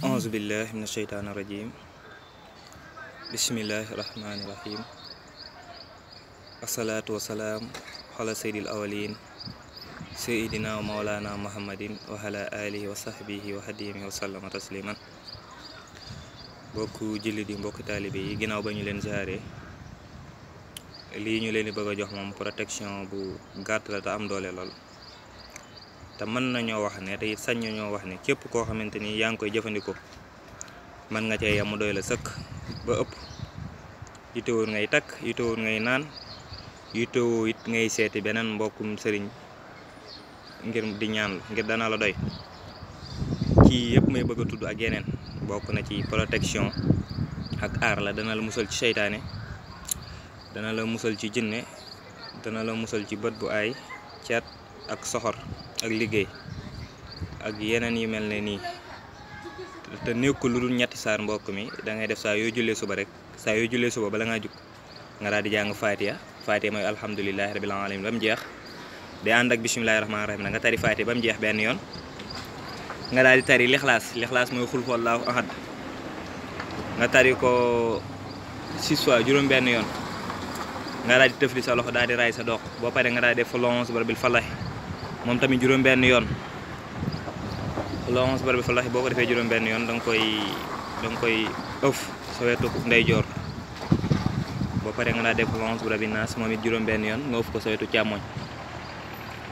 أعوذ بالله من الشيطان الرجيم بسم الله الرحمن الرحيم الصلاة والسلام على سيد الأولين سيدنا ومولانا محمد وعلى آله وصحبه وحديم وسلم تسليما بوكو jullit yi mbokku taalibe yi ginnaaw ba ñu leen jaaree lii ñu leen di bëgg a jox moom protection bu gàtt la te man nañu wax ne tay sañ ñoo wax ne képp ko xamanteni yaang koy jëfëndiko man nga cee yam doyla sëkk ba ëpp woon ngay yité woon ngay naan yitewoo it ngay seeti benen mbokkum sëriñ ngir di ñaan ngir dana la doy ci yépp may bëgg tuddu ak yenen bokk na ci protection ak ar la dana la musal ci shaytané dana la musal ci jinné dana la musal ci bëtt bu ay ciat ak soxor ak liggéey ak yenen yu melni ni te nekkul lu dul ñatt saar mbokk mi da ngay def sa yo jullee suba rek sa yo jullee suba bala nga juk nga ra di jang fatiha fatiha moy alhamdullilah rabbil alamin bam jeex day and ak bismillahir rahmanir rahim nga tari fatiha bam jeex ben yoon nga daal di tari lixlaas lixlaas moy khulfu allah ahad nga tari ko six fois juróom ben yon nga daal di tefli sa loxo dal di ray sa dox bo pare nga daal def lonse barabil falah moom tamit juróom-benn yoon allahumma sabbi fallaahi boo ko defee juróom-benn yoon da koy da nga koy ëf sa wetu ndeyjoor boo paree nga naa def allahumma sabbi naas moom it juróom-benn yoon nga ëf ko sa wetu càmmoñ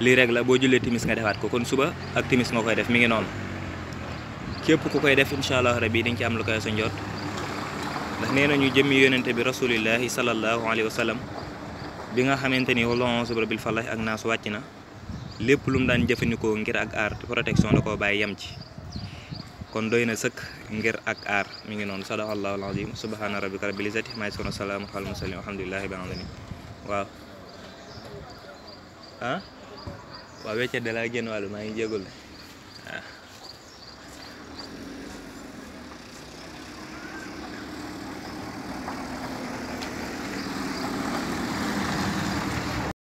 lii rek la boo jullee timis nga defaat ko kon suba ak timis nga koy def mi ngi noonu képp ku koy def incha allah rabi di nga ci am lu koy sa njort ndax nee nañu jëmmi yonente bi rasulillahi sallallahu alayhi wa sallam bi nga xamante ni allahumma sabbi bil fallaahi ak naas wàcc na. lépp lu mu daan jëfandikoo ngir ak aar protection da koo bàyyi yem ci kon doy na sëkk ngir ak aar mu ngi noonu sadaq allahu alazim subhaana rabbika rabbil izzati may sona salaamu xal musalim alhamdulilahi bin alamin waaw ah waaw weccet da génn wàllu maa ngi jégul